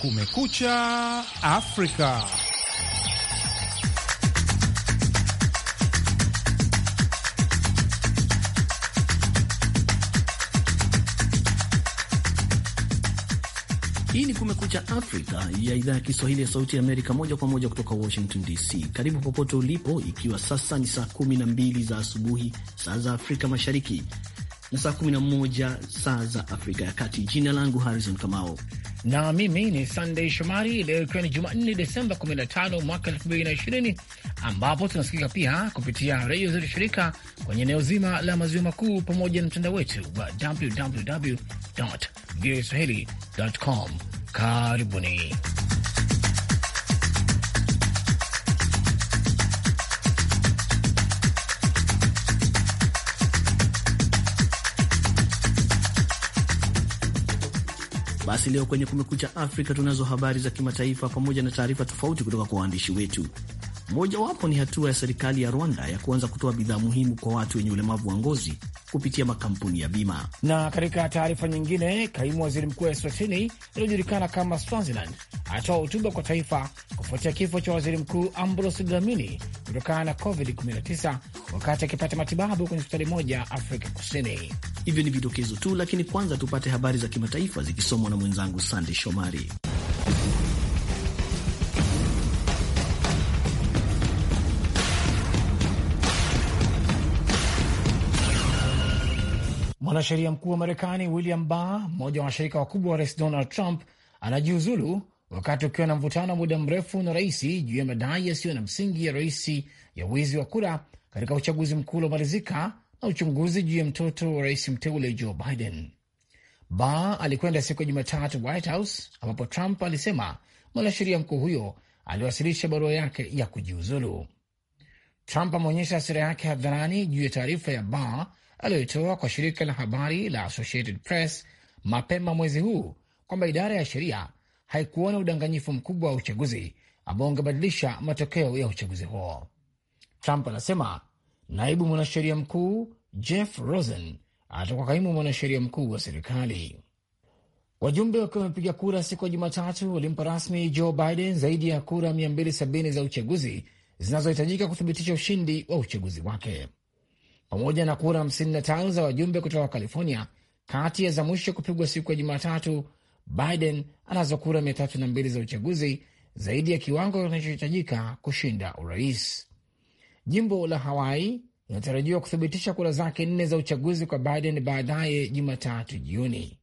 Kumekucha Afrika. Hii ni Kumekucha Afrika ya idhaa ya Kiswahili ya Sauti ya Amerika, moja kwa moja kutoka Washington DC. Karibu popote ulipo, ikiwa sasa ni saa 12 za asubuhi saa za Afrika Mashariki na saa 11 saa za Afrika ya Kati. Jina langu Harrison Kamao na mimi ni sandey Shomari. Leo ikiwa ni Jumanne, Desemba 15 mwaka 2020, ambapo tunasikika pia kupitia redio zetu shirika kwenye eneo zima la maziwa makuu pamoja na mtandao wetu wa www voaswahili.com. Karibuni. Basi leo kwenye Kumekucha Afrika tunazo habari za kimataifa pamoja na taarifa tofauti kutoka kwa waandishi wetu. Mojawapo ni hatua ya serikali ya Rwanda ya kuanza kutoa bidhaa muhimu kwa watu wenye ulemavu wa ngozi kupitia makampuni ya bima. Na katika taarifa nyingine, kaimu waziri mkuu wa Eswatini iliyojulikana kama Swaziland atoa hotuba kwa taifa kufuatia kifo cha waziri mkuu Ambrose Dlamini kutokana na COVID-19 wakati akipata matibabu kwenye hospitali moja Afrika Kusini. Hivyo ni vidokezo tu, lakini kwanza tupate habari za kimataifa zikisomwa na mwenzangu Sande Shomari. Mwanasheria mkuu wa Marekani William Barr, mmoja wa washirika wakubwa wa rais Donald Trump, anajiuzulu wakati ukiwa na mvutano wa muda mrefu na raisi juu ya madai yasiyo na msingi ya raisi ya wizi wa kura katika uchaguzi mkuu uliomalizika na uchunguzi juu ya mtoto wa rais mteule Joe Biden. Barr alikwenda siku ya Jumatatu White House ambapo Trump alisema mwanasheria mkuu huyo aliwasilisha barua yake ya kujiuzulu. Trump ameonyesha hasira yake hadharani juu ya taarifa ya Barr aliyoitoa kwa shirika la habari la Associated Press mapema mwezi huu kwamba idara ya sheria haikuona udanganyifu mkubwa wa uchaguzi ambao ungebadilisha matokeo ya uchaguzi huo. Trump anasema naibu mwanasheria mkuu Jeff Rosen atakuwa kaimu mwanasheria mkuu wa serikali. Wajumbe wakiwa wamepiga kura siku ya Jumatatu walimpa rasmi Joe Biden zaidi ya kura 270 za uchaguzi zinazohitajika kuthibitisha ushindi wa uchaguzi wake pamoja na kura 55 za wajumbe kutoka California kati ya za mwisho kupigwa siku ya Jumatatu. Biden anazo kura 302 za uchaguzi, zaidi ya kiwango kinachohitajika kushinda urais. Jimbo la Hawaii linatarajiwa kuthibitisha kura zake nne za uchaguzi kwa Biden baadaye Jumatatu jioni.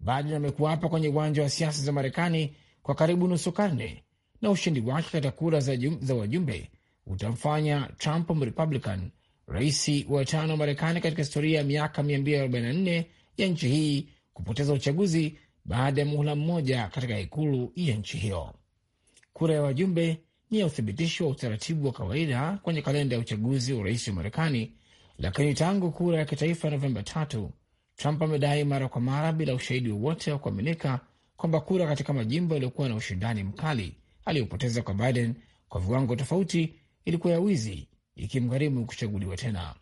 Biden amekuwa hapa kwenye uwanja wa siasa za Marekani kwa karibu nusu karne na ushindi wake katika kura za, za wajumbe utamfanya Trump Mrepublican rais wa tano wa Marekani katika historia ya miaka 244 ya nchi hii kupoteza uchaguzi baada ya muhula mmoja katika ikulu ya nchi hiyo. Kura ya wajumbe ni ya uthibitisho wa utaratibu wa kawaida kwenye kalenda ya uchaguzi wa urais wa Marekani, lakini tangu kura ya kitaifa ya Novemba tatu, Trump amedai mara kwa mara bila ushahidi wowote wa kuaminika kwamba kura katika majimbo yaliyokuwa na ushindani mkali aliyopoteza kwa Biden kwa viwango tofauti ilikuwa ya wizi ikimgharimu kuchaguliwa tena.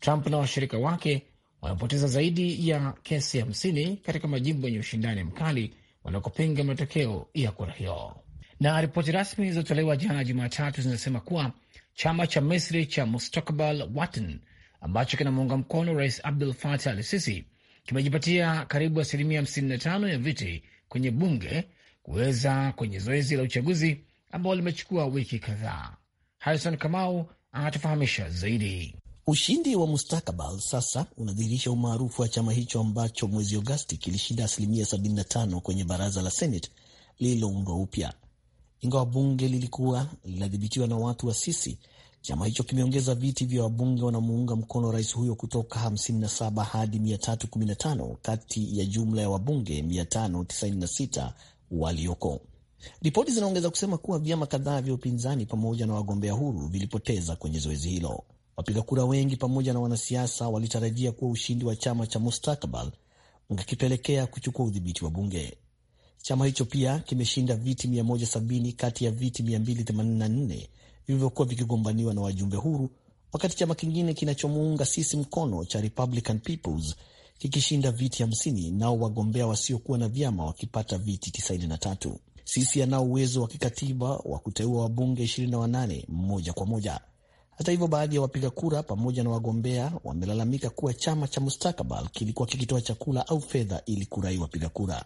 Trump na washirika wake wamepoteza zaidi ya kesi hamsini katika majimbo yenye ushindani mkali wanakopinga matokeo ya kura hiyo. Na ripoti rasmi zilizotolewa jana Jumatatu zinasema kuwa chama cha Misri cha Mustakbal Watan ambacho kinamuunga mkono Rais Abdul Fatah al Sisi kimejipatia karibu asilimia 55 ya viti kwenye bunge kuweza kwenye zoezi la uchaguzi ambao limechukua wiki kadhaa. Harison Kamau anatufahamisha zaidi. Ushindi wa Mustakabal sasa unadhihirisha umaarufu wa chama hicho ambacho mwezi Agosti kilishinda asilimia 75 kwenye baraza la Senate lililoundwa upya. Ingawa bunge lilikuwa linadhibitiwa na watu wa Sisi, chama hicho kimeongeza viti vya wabunge wanamuunga mkono rais huyo kutoka 57 hadi 315 kati ya jumla ya wabunge 596 walioko. Ripoti zinaongeza kusema kuwa vyama kadhaa vya upinzani pamoja na wagombea huru vilipoteza kwenye zoezi hilo. Wapiga kura wengi pamoja na wanasiasa walitarajia kuwa ushindi wa chama cha Mustakbal ungekipelekea kuchukua udhibiti wa bunge. Chama hicho pia kimeshinda viti 170 kati ya viti 284 vilivyokuwa vikigombaniwa na wajumbe huru, wakati chama kingine kinachomuunga sisi mkono cha Republican Peoples kikishinda viti 50, nao wagombea wasiokuwa na vyama wakipata viti 93. Sisi anao uwezo wa kikatiba wa kuteua wabunge 28 mmoja kwa moja. Hata hivyo, baadhi ya wapiga kura pamoja na wagombea wamelalamika kuwa chama cha Mustakabal kilikuwa kikitoa chakula au fedha ili kurai wapiga kura.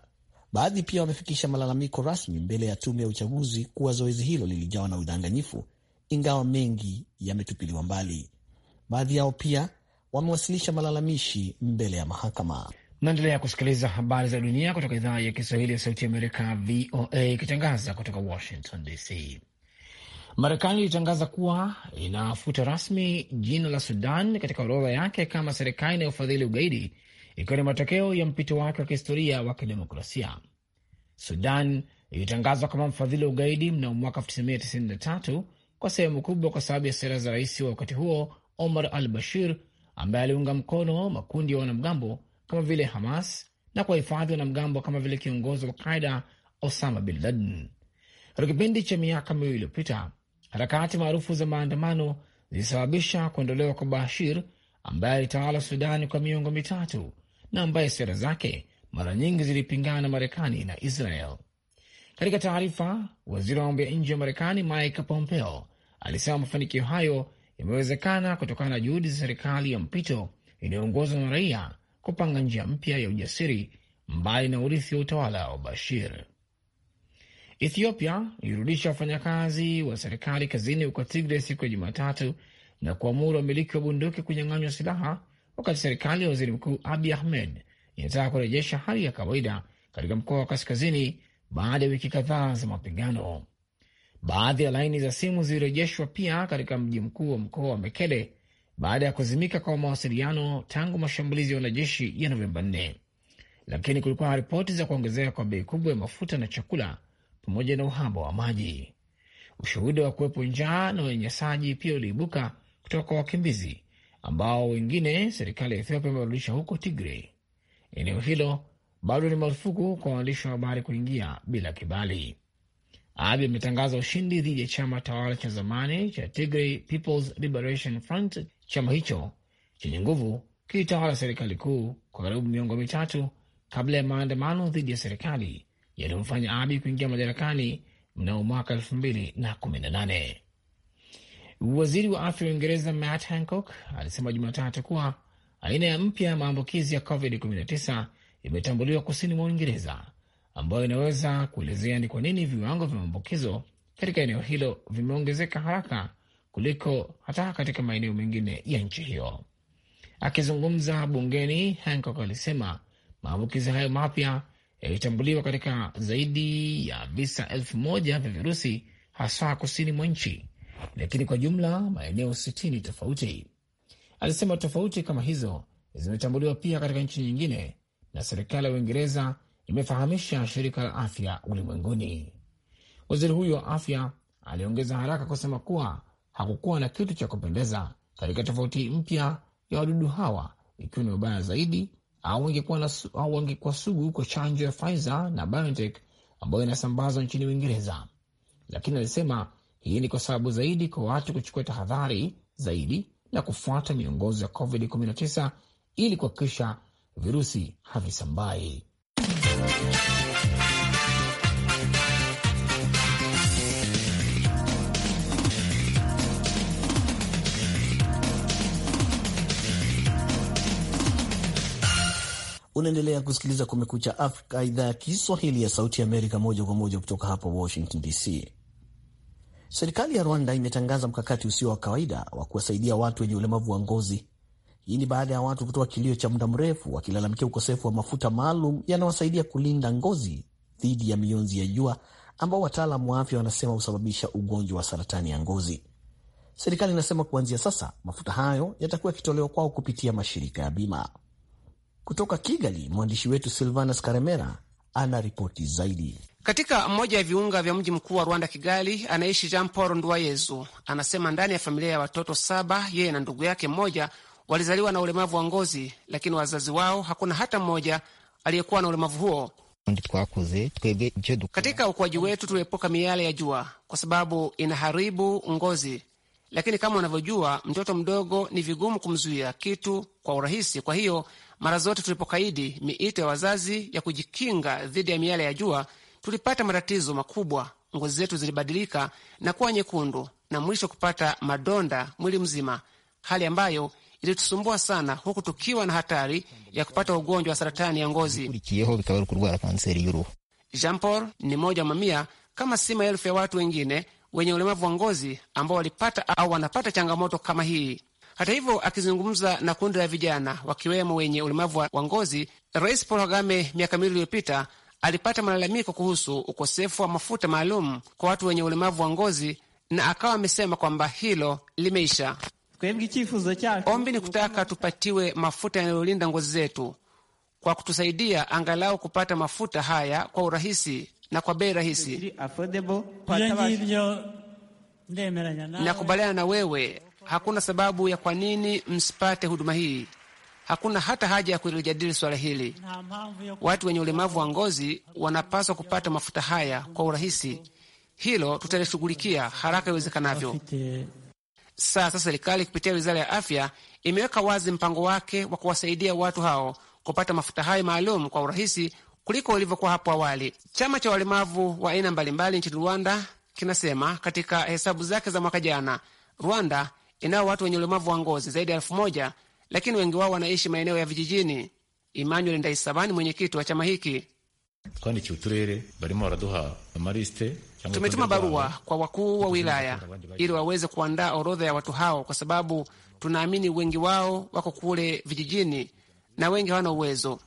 Baadhi pia wamefikisha malalamiko rasmi mbele ya tume ya uchaguzi kuwa zoezi hilo lilijawa na udanganyifu, ingawa mengi yametupiliwa mbali. Baadhi yao pia wamewasilisha malalamishi mbele ya mahakama. Naendelea kusikiliza habari za dunia kutoka idhaa ya Kiswahili ya sauti Amerika, VOA, ikitangaza kutoka Washington DC. Marekani ilitangaza kuwa inafuta rasmi jina la Sudan katika orodha yake kama serikali inayofadhili ugaidi, ikiwa ni matokeo ya mpito wake wa kihistoria wa kidemokrasia. Sudan ilitangazwa kama mfadhili wa ugaidi mnamo mwaka 1993 kwa sehemu kubwa kwa sababu ya sera za rais wa wakati huo Omar al Bashir, ambaye aliunga mkono makundi ya wanamgambo kama vile Hamas na hifadhi wanamgambo kama vile kiongozi wa Qaida Osama bin Laden. Katika kipindi cha miaka miwili iliyopita, harakati maarufu za maandamano zilisababisha kuondolewa kwa Bashir ambaye alitawala Sudani kwa miongo mitatu na ambaye sera zake mara nyingi zilipingana na Marekani na Israel. Katika taarifa, waziri wa mambo ya nje wa Marekani Mike Pompeo alisema mafanikio hayo yamewezekana kutokana na juhudi za serikali ya mpito inayoongozwa na raia kupanga njia mpya ya ujasiri mbali na urithi wa utawala wa Bashir. Ethiopia ilirudisha wafanyakazi wa serikali kazini huko Tigre siku ya Jumatatu na kuamuru wamiliki wa bunduki kunyang'anywa silaha, wakati serikali ya waziri mkuu Abi Ahmed inataka kurejesha hali ya kawaida katika mkoa wa kaskazini baada ya wiki kadhaa za mapigano. Baadhi ya laini za simu zilirejeshwa pia katika mji mkuu wa mkoa wa Mekele baada ya kuzimika kwa mawasiliano tangu mashambulizi ya wanajeshi ya Novemba 4, lakini kulikuwa na ripoti za kuongezeka kwa bei kubwa ya mafuta na chakula pamoja na uhaba wa maji. Ushuhuda wa kuwepo njaa na unyanyasaji pia uliibuka kutoka kwa wakimbizi ambao wengine serikali ya Ethiopia imewarudisha huko Tigray. Eneo hilo bado ni marufuku kwa waandishi wa habari kuingia bila kibali. Abi ametangaza ushindi dhidi ya chama tawala cha zamani cha Tigray People's Liberation Front Chama hicho chenye nguvu kilitawala serikali kuu kwa karibu miongo mitatu kabla ya maandamano dhidi ya serikali yaliyomfanya Abi kuingia madarakani mnamo mwaka elfu mbili na kumi na nane. Waziri wa afya wa Uingereza Matt Hancock alisema Jumatatu kuwa aina ya mpya ya maambukizi ya COVID-19 imetambuliwa kusini mwa Uingereza, ambayo inaweza kuelezea ni kwa nini viwango vya maambukizo katika eneo hilo vimeongezeka haraka kuliko hata katika maeneo mengine ya nchi hiyo. Akizungumza bungeni, Hancock alisema maambukizi hayo mapya yalitambuliwa katika zaidi ya visa elfu moja vya virusi haswa kusini mwa nchi, lakini kwa jumla maeneo sitini tofauti. Alisema tofauti kama hizo zimetambuliwa pia katika nchi nyingine, na serikali ya Uingereza imefahamisha shirika la afya ulimwenguni. Waziri huyo wa afya aliongeza haraka kusema kuwa hakukuwa na kitu cha kupendeza katika tofauti mpya ya wadudu hawa, ikiwa ni mabaya zaidi au wangekuwa sugu kwa chanjo ya Pfizer na BioNTech ambayo inasambazwa nchini Uingereza. Lakini alisema hii ni kwa sababu zaidi kwa watu kuchukua tahadhari zaidi na kufuata miongozo ya COVID-19 ili kuhakikisha virusi havisambai. Unaendelea kusikiliza Kumekucha Afrika, idhaa ya Kiswahili ya Sauti Amerika, moja kwa moja kutoka hapa Washington DC. Serikali ya Rwanda imetangaza mkakati usio wa kawaida wa kuwasaidia watu wenye ulemavu wa ngozi. Hii ni baada ya watu kutoa kilio cha muda mrefu wakilalamikia ukosefu wa mafuta maalum yanawasaidia kulinda ngozi dhidi ya mionzi ya jua ambao wataalam wa afya wanasema husababisha ugonjwa wa saratani ya ngozi. Serikali inasema kuanzia sasa mafuta hayo yatakuwa yakitolewa kwao kupitia mashirika ya bima. Kutoka Kigali, mwandishi wetu Silvanus Karemera ana ripoti zaidi. Katika mmoja ya viunga vya mji mkuu wa Rwanda, Kigali, anaishi Jean Paul nduayezu Anasema ndani ya familia ya watoto saba, yeye na ndugu yake mmoja walizaliwa na ulemavu wa ngozi, lakini wazazi wao hakuna hata mmoja aliyekuwa na ulemavu huo. Katika ukuaji wetu tuliepuka miale ya jua kwa sababu inaharibu ngozi, lakini kama unavyojua, mtoto mdogo ni vigumu kumzuia kitu kwa urahisi. Kwa hiyo mara zote tulipokaidi miito ya wazazi ya kujikinga dhidi ya miale ya jua, tulipata matatizo makubwa. Ngozi zetu zilibadilika na kuwa nyekundu na mwisho kupata madonda mwili mzima, hali ambayo ilitusumbua sana, huku tukiwa na hatari ya kupata ugonjwa wa saratani ya ngozi. Jean Paul ni mmoja wa mamia kama si maelfu ya watu wengine wenye ulemavu wa ngozi ambao walipata au wanapata changamoto kama hii. Hata hivyo, akizungumza na kundi la vijana wakiwemo wenye ulemavu wa ngozi, Rais Paul Kagame miaka miwili iliyopita alipata malalamiko kuhusu ukosefu wa mafuta maalum kwa watu wenye ulemavu wa ngozi, na akawa amesema kwamba hilo limeisha. Ombi ni kutaka tupatiwe mafuta yanayolinda ngozi zetu kwa kutusaidia angalau kupata mafuta haya kwa urahisi na kwa bei rahisi. Nakubaliana na wewe Hakuna sababu ya kwa nini msipate huduma hii. Hakuna hata haja ya kulijadili swala hili. Watu wenye ulemavu wa ngozi wanapaswa kupata mafuta haya kwa urahisi. Hilo tutalishughulikia haraka iwezekanavyo. Sasa serikali kupitia wizara ya afya imeweka wazi mpango wake wa kuwasaidia watu hao kupata mafuta hayo maalum kwa urahisi kuliko ilivyokuwa hapo awali. Chama cha walemavu wa aina mbalimbali nchini Rwanda kinasema katika hesabu zake za mwaka jana, Rwanda inao watu wenye ulemavu wa ngozi zaidi ya elfu moja, lakini wengi wao wanaishi maeneo ya vijijini. Emmanuel Ndaisabani, mwenyekiti wa chama hiki: tumetuma barua kwa wakuu wa wilaya ili waweze kuandaa orodha ya watu hao, kwa sababu tunaamini wengi wao wako kule vijijini na wengi hawana uwezo.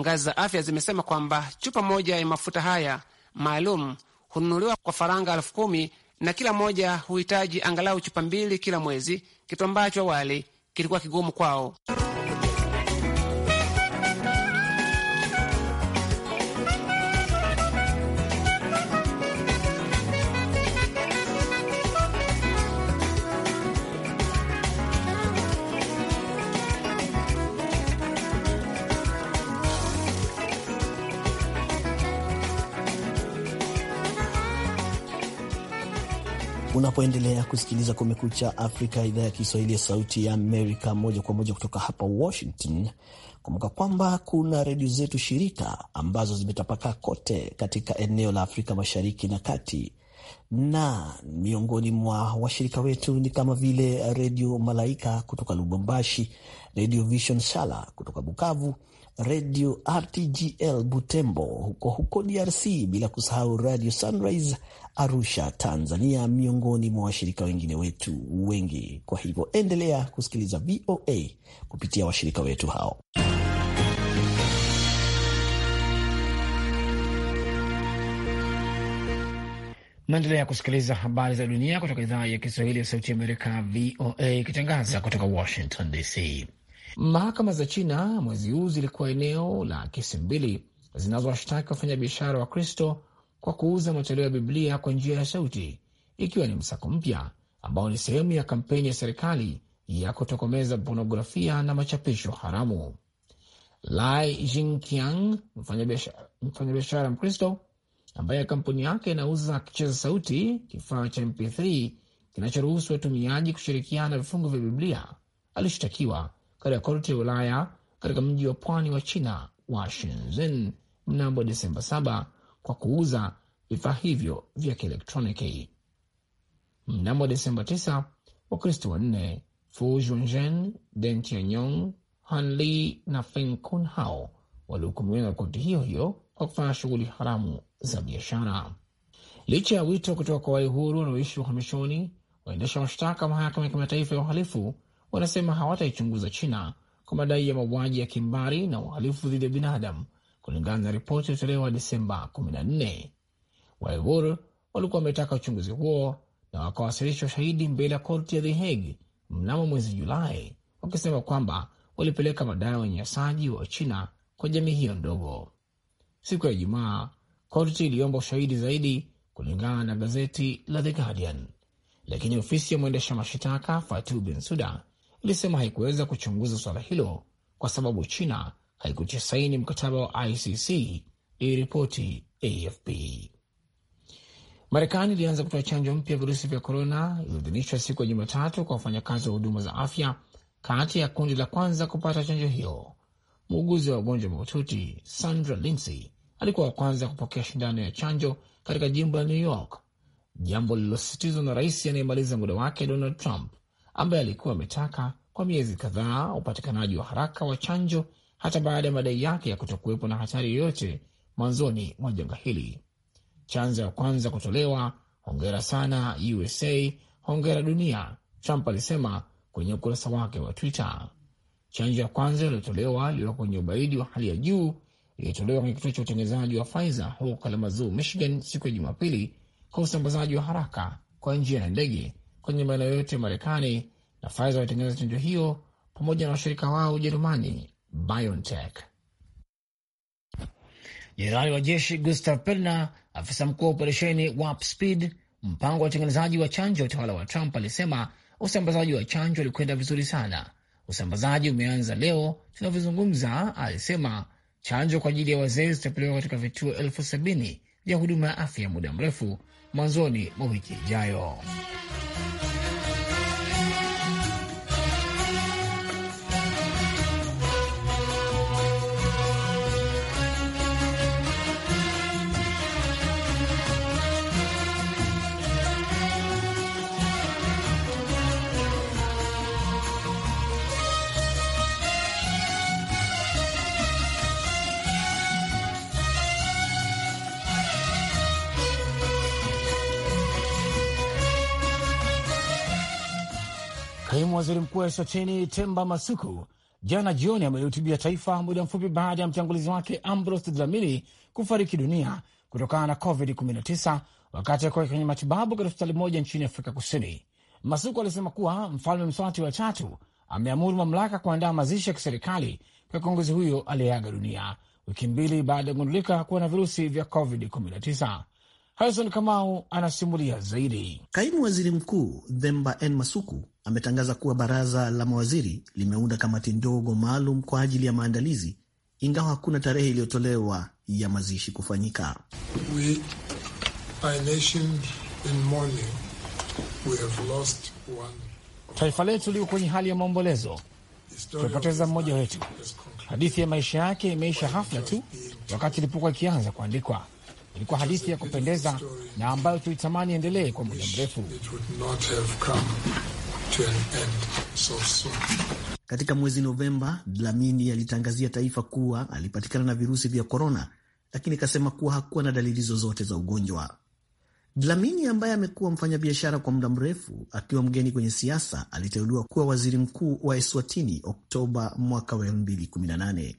Ngazi za afya zimesema kwamba chupa moja ya mafuta haya maalum hununuliwa kwa faranga elfu kumi na kila mmoja huhitaji angalau chupa mbili kila mwezi, kitu ambacho awali kilikuwa kigumu kwao. unapoendelea kusikiliza Kumekucha Afrika, idhaa ya Kiswahili ya Sauti ya Amerika, moja kwa moja kutoka hapa Washington. Kumbuka kwamba kuna redio zetu shirika ambazo zimetapakaa kote katika eneo la Afrika Mashariki na Kati, na miongoni mwa washirika wetu ni kama vile Redio Malaika kutoka Lubumbashi, Redio Vision Shala kutoka Bukavu, Radio RTGL Butembo huko huko DRC, bila kusahau Radio Sunrise Arusha Tanzania, miongoni mwa washirika wengine wetu wengi. Kwa hivyo endelea kusikiliza VOA kupitia washirika wetu hao. Naendelea kusikiliza habari za dunia kutoka idhaa ya Kiswahili ya Sauti Amerika, VOA, ikitangaza kutoka Washington DC. Mahakama za China mwezi huu zilikuwa eneo la kesi mbili zinazowashtaki wafanyabiashara wa Kristo kwa kuuza matoleo ya Biblia kwa njia ya sauti, ikiwa ni msako mpya ambao ni sehemu ya kampeni ya serikali ya kutokomeza ponografia na machapisho haramu. Lai Jinkiang, mfanyabiashara Mkristo ambaye kampuni yake inauza kicheza sauti, kifaa cha MP3 kinachoruhusu watumiaji kushirikiana vifungu vya Biblia, alishtakiwa katika korti ya Ulaya katika mji wa pwani wa China wa Shenzhen mnamo Desemba saba kwa kuuza vifaa hivyo vya kielektroniki. Mnamo Desemba tisa, Wakristo wanne Fu Junzhen, Deng Tianyong, Hanli na Feng Kunhao walihukumiwa na korti hiyo hiyo kwa kufanya shughuli haramu za biashara. Licha ya wito kutoka kwa walihuru wanaoishi uhamishoni, waendesha mashtaka mahakama ya kimataifa ya uhalifu wanasema hawataichunguza China kwa madai ya mauaji ya kimbari na uhalifu dhidi ya binadamu, kulingana na ripoti iliyotolewa Desemba 14. Waigur walikuwa wametaka uchunguzi huo na wakawasilisha ushahidi mbele ya korti ya The Hague mnamo mwezi Julai, wakisema kwamba walipeleka madaya ya unyanyasaji wa China kwa jamii hiyo ndogo. Siku ya Ijumaa, korti iliomba ushahidi zaidi kulingana na gazeti la The Guardian, lakini ofisi ya mwendesha mashitaka Fatou Bensouda ilisema haikuweza kuchunguza suala hilo kwa sababu China haikutia saini mkataba wa ICC, iliripoti AFP. Marekani ilianza kutoa chanjo mpya virusi vya korona iliodhinishwa siku ya Jumatatu kwa wafanyakazi wa huduma za afya kati ya kundi la kwanza kupata chanjo hiyo. Muuguzi wa wagonjwa mahututi Sandra Lindsay alikuwa wa kwanza kupokea shindano ya chanjo katika jimbo la New York, jambo lililosisitizwa na rais anayemaliza muda wake Donald Trump ambaye alikuwa ametaka kwa miezi kadhaa upatikanaji wa haraka wa chanjo hata baada ya madai yake ya kutokuwepo na hatari yoyote mwanzoni mwa janga hili. Chanjo ya kwanza kutolewa. Hongera sana USA, hongera dunia, Trump alisema kwenye ukurasa wake wa Twitter. Chanjo ya kwanza iliyotolewa iliyoko kwenye ubaidi wa hali ya juu iliyotolewa kwenye kituo cha utengenezaji wa Pfizer huko Kalamazoo, Michigan, siku ya Jumapili kwa usambazaji wa haraka kwa njia ya ndege kwenye maeneo yote ya Marekani na Pfizer wametengeneza chanjo hiyo pamoja na washirika wao Ujerumani BioNTech. Jenerali wa jeshi Gustav Perna, afisa mkuu wa operesheni Warp Speed, mpango wa utengenezaji wa chanjo ya utawala wa Trump, alisema usambazaji wa chanjo ulikwenda vizuri sana. Usambazaji umeanza leo tunavyozungumza, alisema. Chanjo kwa ajili ya wazee zitapelewa katika vituo elfu sabini vya huduma ya afya muda mrefu mwanzoni mwa wiki ijayo. Kaimu waziri mkuu wa Eswatini Temba Masuku jana jioni amelihutubia taifa muda mfupi baada ya mtangulizi wake Ambrose Dlamini kufariki dunia kutokana na COVID-19 wakati akiwa kwenye matibabu katika hospitali moja nchini Afrika Kusini. Masuku alisema kuwa mfalme Mswati wa tatu ameamuru mamlaka kuandaa mazishi ya kiserikali kwa kiongozi huyo aliyeaga dunia wiki mbili baada ya kugundulika kuwa na virusi vya COVID-19. Harison Kamau anasimulia zaidi. Kaimu waziri mkuu Themba N Masuku ametangaza kuwa baraza la mawaziri limeunda kamati ndogo maalum kwa ajili ya maandalizi, ingawa hakuna tarehe iliyotolewa ya mazishi kufanyika. taifa letu liko kwenye hali ya maombolezo. Tumepoteza mmoja wetu. Hadithi ya maisha yake imeisha hafla tu. Wakati ilipokuwa ikianza kuandikwa, ilikuwa hadithi ya kupendeza na ambayo tulitamani endelee kwa muda mrefu to an end so soon. Katika mwezi Novemba, Dlamini alitangazia taifa kuwa alipatikana na virusi vya korona, lakini akasema kuwa hakuwa na dalili zozote za ugonjwa. Dlamini ambaye amekuwa mfanyabiashara kwa muda mrefu akiwa mgeni kwenye siasa, aliteuliwa kuwa waziri mkuu wa Eswatini Oktoba mwaka wa 2018.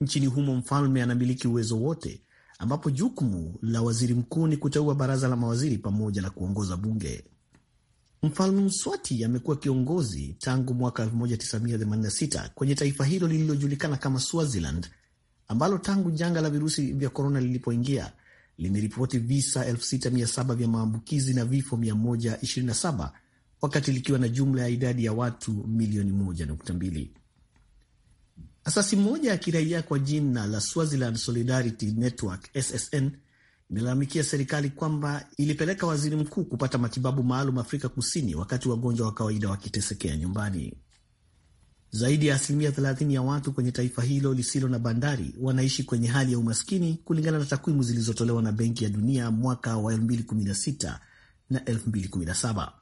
Nchini humo mfalme anamiliki uwezo wote, ambapo jukumu la waziri mkuu ni kuteua baraza la mawaziri pamoja na kuongoza bunge. Mfalme Mswati amekuwa kiongozi tangu mwaka 1986 kwenye taifa hilo lililojulikana kama Swaziland, ambalo tangu janga la virusi vya korona lilipoingia limeripoti visa 6700 vya maambukizi na vifo 127 wakati likiwa na jumla ya idadi ya watu milioni 1.2. Asasi moja ya kiraia kwa jina la Swaziland Solidarity Network SSN imelalamikia serikali kwamba ilipeleka waziri mkuu kupata matibabu maalum Afrika Kusini, wakati wagonjwa wa kawaida wakitesekea nyumbani. Zaidi ya asilimia 30 ya watu kwenye taifa hilo lisilo na bandari wanaishi kwenye hali ya umaskini kulingana na takwimu zilizotolewa na Benki ya Dunia mwaka wa 2016 na 2017.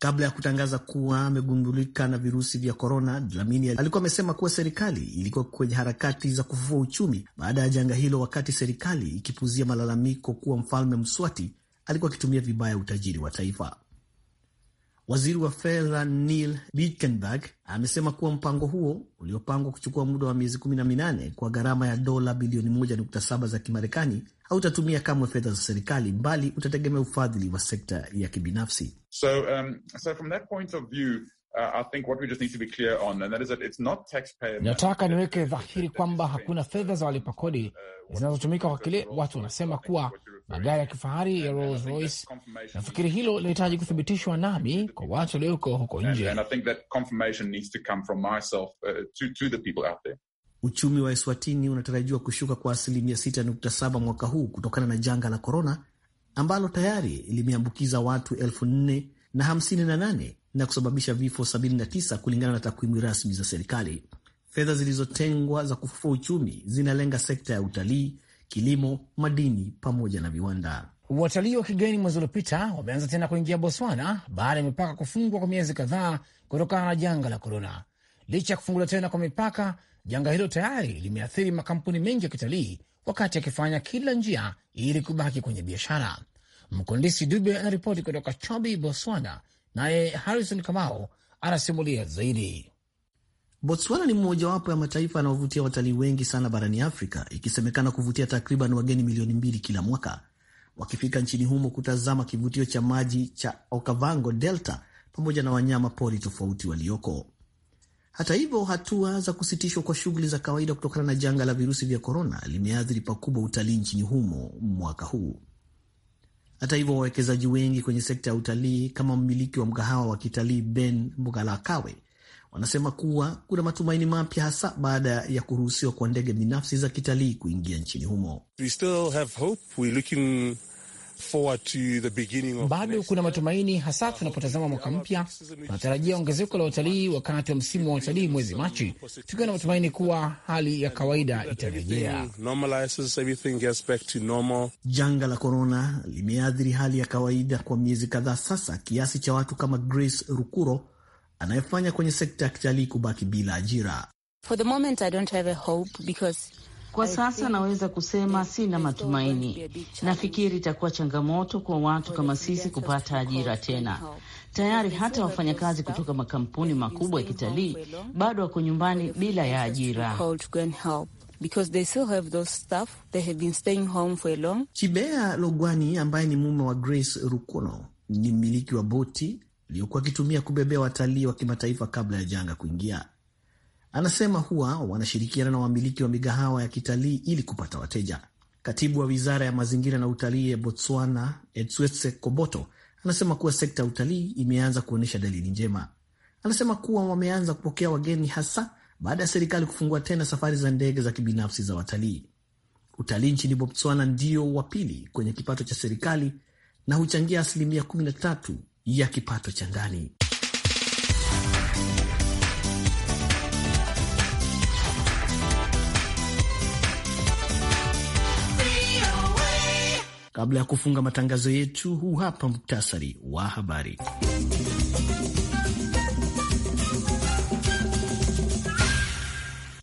Kabla ya kutangaza kuwa amegundulika na virusi vya korona, Dlamini alikuwa amesema kuwa serikali ilikuwa kwenye harakati za kufufua uchumi baada ya janga hilo, wakati serikali ikipuzia malalamiko kuwa mfalme Mswati alikuwa akitumia vibaya utajiri wa taifa. Waziri wa fedha Neil bikenberg amesema kuwa mpango huo uliopangwa kuchukua muda wa miezi 18 kwa gharama ya dola bilioni 1.7 za Kimarekani hautatumia kamwe fedha za serikali, mbali utategemea ufadhili wa sekta ya kibinafsi. So, um, so from that point of view... Uh, nataka niweke dhahiri kwamba hakuna fedha za walipa kodi uh, zinazotumika kwa kile watu wanasema kuwa magari ya kifahari ya Rolls Royce. Nafikiri hilo linahitaji kuthibitishwa nami kwa watu walioko huko nje. Uchumi wa Eswatini unatarajiwa kushuka kwa asilimia 6.7 mwaka huu kutokana na janga la korona ambalo tayari limeambukiza watu 4,058 na na kusababisha vifo 79 kulingana na takwimu rasmi za serikali. Fedha zilizotengwa za kufufua uchumi zinalenga sekta ya utalii, kilimo, madini pamoja na viwanda. Watalii wa kigeni mwezi uliopita wameanza tena kuingia Botswana baada ya mipaka kufungwa kwa miezi kadhaa kutokana na janga la korona. Licha ya kufunguliwa tena kwa mipaka, Janga hilo tayari limeathiri makampuni mengi ya kitalii wakati akifanya kila njia ili kubaki kwenye biashara. Mkondisi Dube anaripoti kutoka Chobi, Botswana, naye Harrison Kamao anasimulia zaidi. Botswana ni mmojawapo ya mataifa yanayovutia watalii wengi sana barani Afrika, ikisemekana kuvutia takriban wageni milioni mbili kila mwaka wakifika nchini humo kutazama kivutio cha maji cha Okavango Delta pamoja na wanyama pori tofauti walioko. Hata hivyo, hatua za kusitishwa kwa shughuli za kawaida kutokana na janga la virusi vya korona limeathiri pakubwa utalii nchini humo mwaka huu. Hata hivyo, wawekezaji wengi kwenye sekta ya utalii kama mmiliki wa mgahawa wa kitalii Ben Mgalakawe wanasema kuwa kuna matumaini mapya hasa baada ya kuruhusiwa kwa ndege binafsi za kitalii kuingia nchini humo. We still have hope. We're looking bado kuna matumaini, hasa tunapotazama mwaka mpya. Tunatarajia ongezeko la utalii wakati wa msimu wa utalii mwezi Machi, tukiwa na matumaini kuwa hali ya kawaida itarejea. Janga la korona limeathiri hali ya kawaida kwa miezi kadhaa sasa, kiasi cha watu kama Grace Rukuro anayefanya kwenye sekta ya kitalii kubaki bila ajira. For the moment, I don't have a hope because kwa sasa naweza kusema sina matumaini. Nafikiri itakuwa changamoto kwa watu kama sisi kupata ajira tena. Tayari hata wafanyakazi kutoka makampuni makubwa ya kitalii bado wako nyumbani bila ya ajira. Kibea Logwani ambaye ni mume wa Grace Rukuno ni mmiliki wa boti aliyokuwa akitumia kubebea watalii wa kimataifa kabla ya janga kuingia. Anasema huwa wanashirikiana na wamiliki wa migahawa ya kitalii ili kupata wateja. Katibu wa wizara ya mazingira na utalii ya Botswana, Etswetse Koboto, anasema kuwa sekta ya utalii imeanza kuonyesha dalili njema. Anasema kuwa wameanza kupokea wageni hasa baada ya serikali kufungua tena safari za ndege za kibinafsi za watalii. Utalii nchini Botswana ndio wa pili kwenye kipato cha serikali na huchangia asilimia 13 ya kipato cha ndani. Kabla ya kufunga matangazo yetu, huu hapa muktasari wa habari.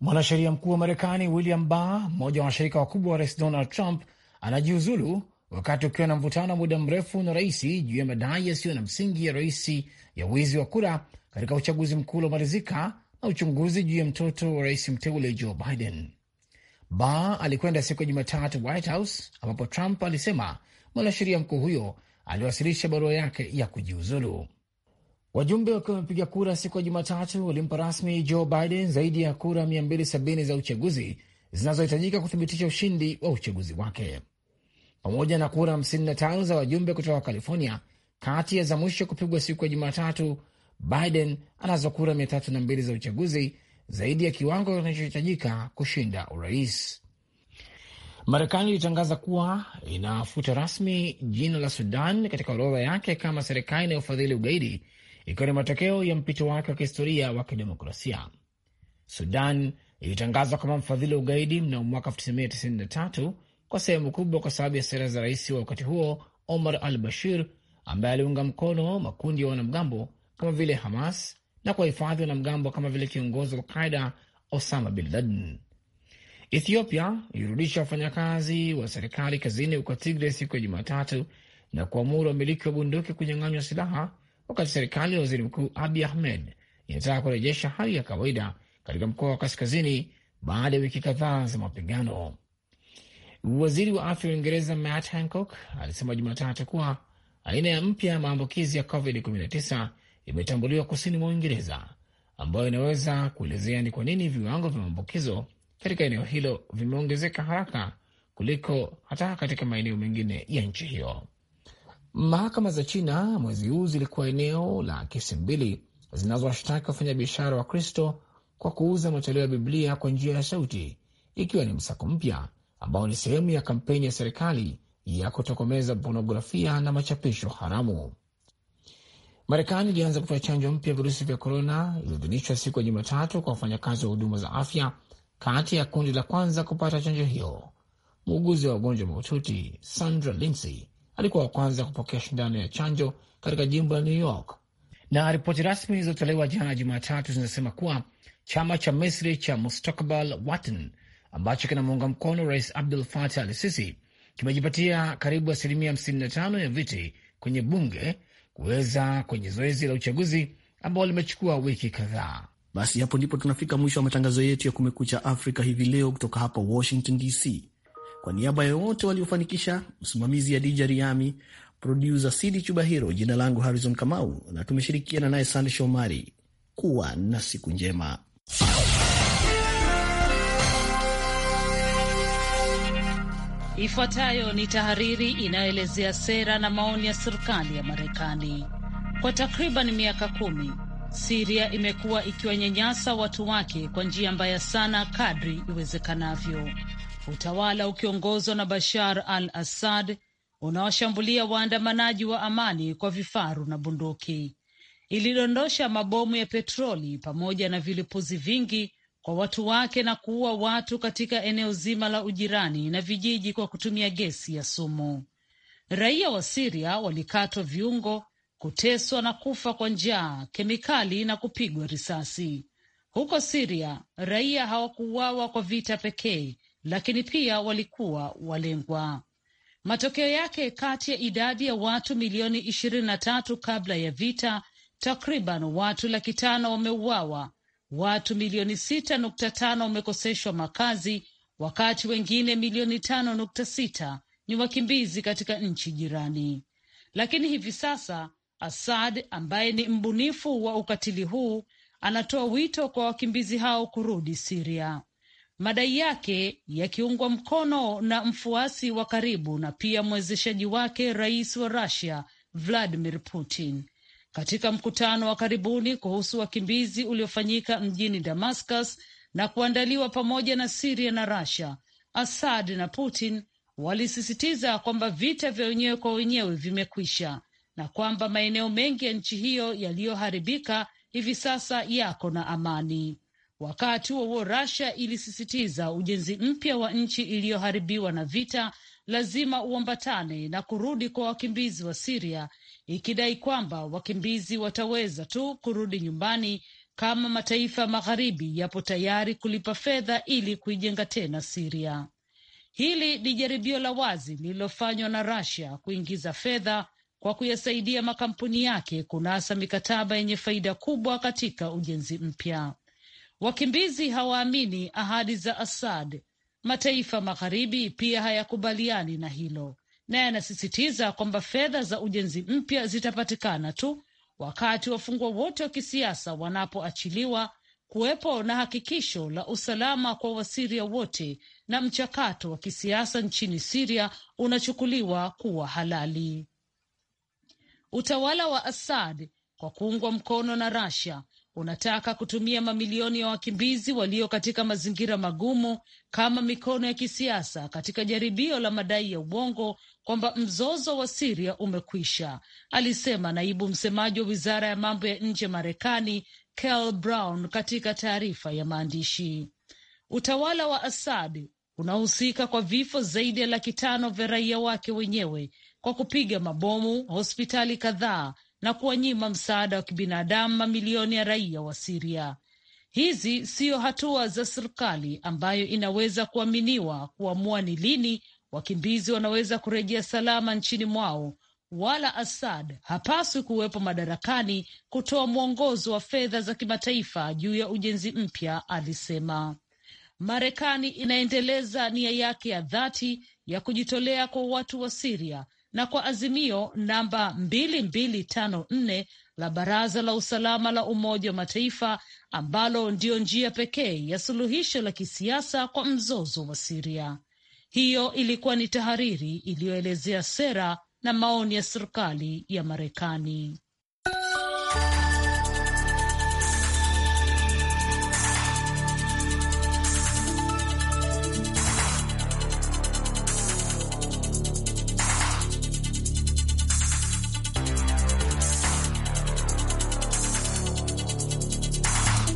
Mwanasheria mkuu wa Marekani William Barr, mmoja wa washirika wakubwa wa rais Donald Trump, anajiuzulu wakati ukiwa na mvutano wa muda mrefu na raisi juu ya madai yasiyo na msingi ya raisi ya wizi wa kura katika uchaguzi mkuu uliomalizika na uchunguzi juu ya mtoto wa rais mteule Joe Biden. Barr alikwenda siku ya Jumatatu White House ambapo Trump alisema mwanasheria mkuu huyo aliwasilisha barua yake ya kujiuzulu. Wajumbe wakiwa wamepiga kura siku ya Jumatatu walimpa rasmi Joe Biden zaidi ya kura 270 za uchaguzi zinazohitajika kuthibitisha ushindi wa uchaguzi wake, pamoja na kura 55 za wajumbe kutoka California kati ya za mwisho kupigwa siku ya Jumatatu. Biden anazo kura 302 za uchaguzi zaidi ya kiwango kinachohitajika kushinda urais. Marekani ilitangaza kuwa inafuta rasmi jina la Sudan katika orodha yake kama serikali inayofadhili ugaidi, ikiwa ni matokeo ya mpito wake wa kihistoria wa kidemokrasia. Sudan ilitangazwa kama mfadhili wa ugaidi mnamo mwaka 1993 kwa sehemu kubwa kwa sababu ya sera za rais wa wakati huo Omar al Bashir, ambaye aliunga mkono makundi ya wanamgambo kama vile Hamas na kuwahifadhi wanamgambo kama vile kiongozi wa Qaida Osama bin Laden. Ethiopia ilirudisha wafanyakazi wa serikali kazini huko Tigre siku ya Jumatatu na kuamuru wamiliki wa bunduki kunyang'anywa silaha, wakati serikali ya waziri mkuu Abi Ahmed inataka kurejesha hali ya kawaida katika mkoa wa kaskazini baada ya wiki kadhaa za mapigano. Waziri wa afya wa Uingereza Matt Hancock alisema Jumatatu kuwa aina ya mpya ya maambukizi ya COVID-19 imetambuliwa kusini mwa Uingereza, ambayo inaweza kuelezea ni kwa nini viwango vya maambukizo katika eneo hilo vimeongezeka haraka kuliko hata katika maeneo mengine ya nchi hiyo. Mahakama za China mwezi huu zilikuwa eneo la kesi mbili zinazowashtaki wafanyabiashara wa Kristo kwa kuuza matoleo ya Biblia kwa njia ya sauti, ikiwa ni msako mpya ambao ni sehemu ya kampeni ya serikali ya kutokomeza pornografia na machapisho haramu. Marekani ilianza kutoa chanjo mpya virusi vya korona iliyoidhinishwa siku ya Jumatatu kwa wafanyakazi wa huduma za afya kati ya kundi la kwanza kupata chanjo hiyo. Muuguzi wa wagonjwa mahututi Sandra Lindsay alikuwa wa kwanza kupokea shindano ya chanjo katika jimbo la New York. Na ripoti rasmi zilizotolewa jana Jumatatu zinasema kuwa chama cha Misri cha Mustakbal Watan ambacho kinamuunga mkono Rais Abdul Fatah al Sisi kimejipatia karibu asilimia 55 ya viti kwenye bunge kuweza kwenye zoezi la uchaguzi ambao limechukua wiki kadhaa. Basi hapo ndipo tunafika mwisho wa matangazo yetu ya Kumekucha Afrika hivi leo, kutoka hapa Washington DC. Kwa niaba ya wote waliofanikisha, msimamizi Adija Riami, produsa Sidi Chubahiro, jina langu Harrison Kamau na tumeshirikiana naye Sande Shomari. Kuwa na siku njema. Ifuatayo ni tahariri inayoelezea sera na maoni ya serikali ya Marekani. Kwa takriban miaka kumi, Siria imekuwa ikiwanyanyasa watu wake kwa njia mbaya sana kadri iwezekanavyo. Utawala ukiongozwa na Bashar al Assad unawashambulia waandamanaji wa amani kwa vifaru na bunduki. Ilidondosha mabomu ya petroli pamoja na vilipuzi vingi kwa watu wake na kuua watu katika eneo zima la ujirani na vijiji kwa kutumia gesi ya sumu. Raia wa Siria walikatwa viungo, kuteswa na kufa kwa njaa, kemikali na kupigwa risasi. Huko Siria raia hawakuuawa kwa vita pekee, lakini pia walikuwa walengwa. Matokeo yake, kati ya idadi ya watu milioni ishirini na tatu kabla ya vita, takriban watu laki tano wameuawa watu milioni sita nukta tano wamekoseshwa makazi wakati wengine milioni tano nukta sita ni wakimbizi katika nchi jirani. Lakini hivi sasa Assad ambaye ni mbunifu wa ukatili huu anatoa wito kwa wakimbizi hao kurudi Siria, madai yake yakiungwa mkono na mfuasi wa karibu na pia mwezeshaji wake, rais wa Rusia Vladimir Putin katika mkutano wa karibuni kuhusu wakimbizi uliofanyika mjini Damascus na kuandaliwa pamoja na Siria na rasia Assad na Putin walisisitiza kwamba vita vya wenyewe kwa wenyewe vimekwisha na kwamba maeneo mengi ya nchi hiyo yaliyoharibika hivi sasa yako na amani. Wakati huo huo, Russia ilisisitiza ujenzi mpya wa nchi iliyoharibiwa na vita lazima uambatane na kurudi kwa wakimbizi wa Siria ikidai kwamba wakimbizi wataweza tu kurudi nyumbani kama mataifa magharibi yapo tayari kulipa fedha ili kuijenga tena Siria. Hili ni jaribio la wazi lililofanywa na Russia kuingiza fedha kwa kuyasaidia makampuni yake kunasa mikataba yenye faida kubwa katika ujenzi mpya. Wakimbizi hawaamini ahadi za Assad. Mataifa magharibi pia hayakubaliani na hilo naye anasisitiza kwamba fedha za ujenzi mpya zitapatikana tu wakati wafungwa wote wa kisiasa wanapoachiliwa, kuwepo na hakikisho la usalama kwa Wasiria wote na mchakato wa kisiasa nchini Siria unachukuliwa kuwa halali. Utawala wa Assad kwa kuungwa mkono na Russia unataka kutumia mamilioni ya wakimbizi walio katika mazingira magumu kama mikono ya kisiasa katika jaribio la madai ya uongo kwamba mzozo wa Siria umekwisha, alisema naibu msemaji wa wizara ya mambo ya nje Marekani Kel Brown katika taarifa ya maandishi. Utawala wa Asad unahusika kwa vifo zaidi ya laki tano vya raia wake wenyewe kwa kupiga mabomu hospitali kadhaa na kuwanyima msaada wa kibinadamu mamilioni ya raia wa Siria. Hizi siyo hatua za serikali ambayo inaweza kuaminiwa kuamua ni lini wakimbizi wanaweza kurejea salama nchini mwao, wala Assad hapaswi kuwepo madarakani kutoa mwongozo wa fedha za kimataifa juu ya ujenzi mpya, alisema. Marekani inaendeleza nia yake ya dhati ya kujitolea kwa watu wa Siria na kwa azimio namba 2254 la Baraza la Usalama la Umoja wa Mataifa ambalo ndiyo njia pekee ya suluhisho la kisiasa kwa mzozo wa Siria. Hiyo ilikuwa ni tahariri iliyoelezea sera na maoni ya serikali ya Marekani.